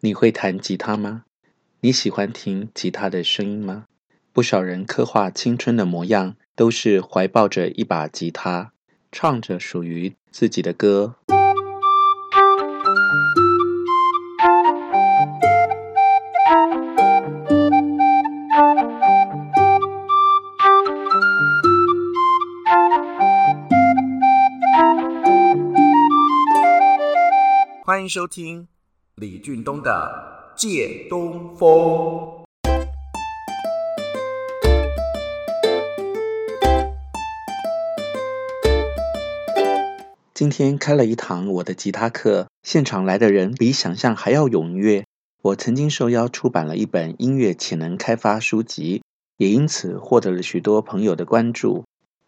你會彈吉他嗎？你喜歡聽吉他的聲音嗎？不少人刻畫青春的模樣，都是懷抱着一把吉他，唱着屬於自己的歌。歡迎收聽。李俊東的《借東風》。今天開了一堂我的吉他課，現場來的人比想象還要踴躍。我曾經受邀出版了一本音樂潛能開發書籍，也因此獲得了許多朋友的關注。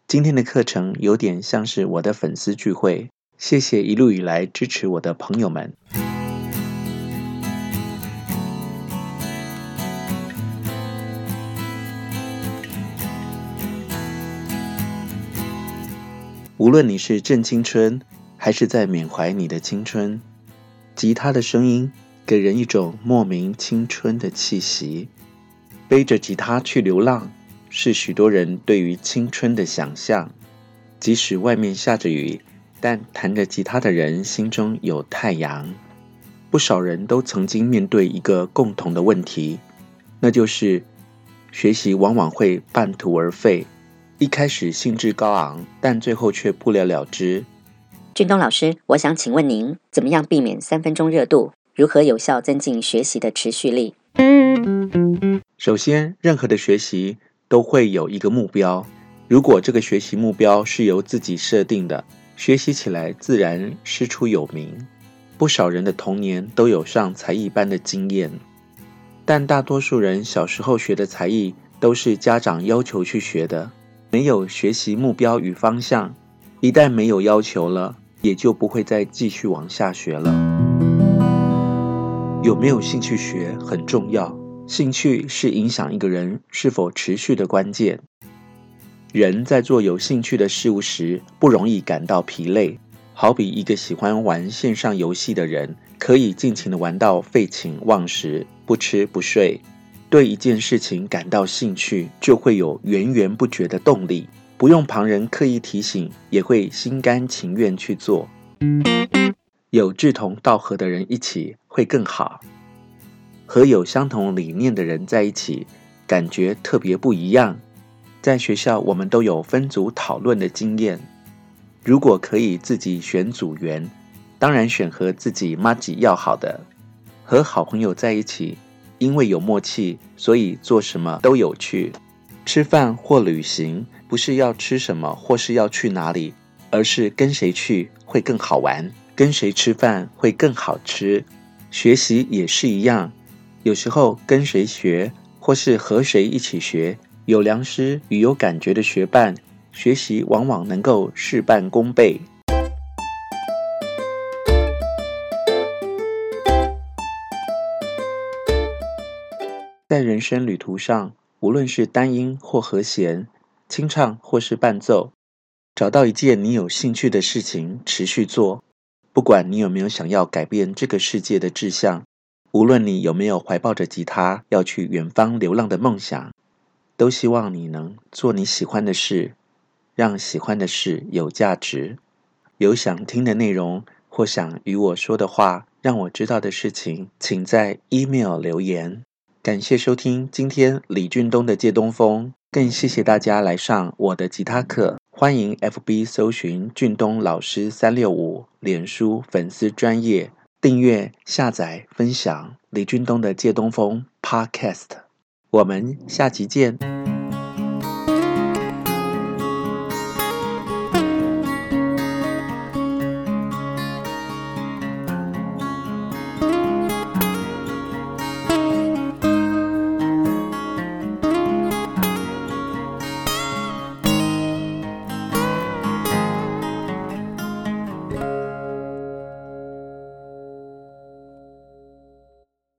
今天的課程有點像是我的粉絲聚會，謝謝一路以來支持我的朋友們。無論你是正青春，還是在緬懷你的青春，吉他的聲音給人一種莫名青春的氣息。背着吉他去流浪，是許多人對於青春的想象。即使外面下着雨，但彈着吉他的人心中有太陽。不少人都曾經面對一個共同的問題，那就是學習往往會半途而廢。一開始興致高昂，但最後卻不了了之。俊東老師，我想請問您，怎麼樣避免三分鐘熱度，如何有效增進學習的持續力？首先，任何的學習都會有一個目標。如果這個學習目標是由自己設定的，學習起來自然師出有名。不少人的童年都有上才藝班的經驗，但大多數人小時候學的才藝都是家長要求去學的。沒有學習目標與方向，一旦沒有要求了，也就不會再繼續往下學了。有沒有興趣學很重要，興趣是影響一個人是否持續的關鍵。人在做有興趣的事物時，不容易感到疲累，好比一個喜歡玩線上遊戲的人，可以盡情的玩到廢寢忘食，不吃不睡。對一件事情感到興趣，就會有源源不絕的動力，不用旁人刻意提醒，也會心甘情願去做。有志同道合的人一起會更好，和有相同理念的人在一起，感覺特別不一樣。在學校，我們都有分組討論的經驗。如果可以自己選組員，當然選和自己麻吉要好的，和好朋友在一起。因為有默契，所以做什麼都有趣。吃飯或旅行，不是要吃什麼或是要去哪裡，而是跟誰去會更好玩，跟誰吃飯會更好吃。學習也是一樣，有時候跟誰學或是和誰一起學，有良師與有感覺的學伴，學習往往能夠事半功倍。在人生旅途上，無論是單音或和弦，清唱或是伴奏，找到一件你有興趣的事情持續做，不管你有沒有想要改變這個世界的志向，無論你有沒有懷抱着吉他要去遠方流浪的夢想，都希望你能做你喜歡的事，讓喜歡的事有價值。有想聽的內容或想與我說的話，讓我知道的事情，請在 email 留言。感謝收聽今天李俊東的借東風，更謝謝大家來上我的吉他課。歡迎 FB 搜尋俊東老師三六五，臉書粉絲專頁訂閱、下載、分享李俊東的借東風 Podcast。我們下期見。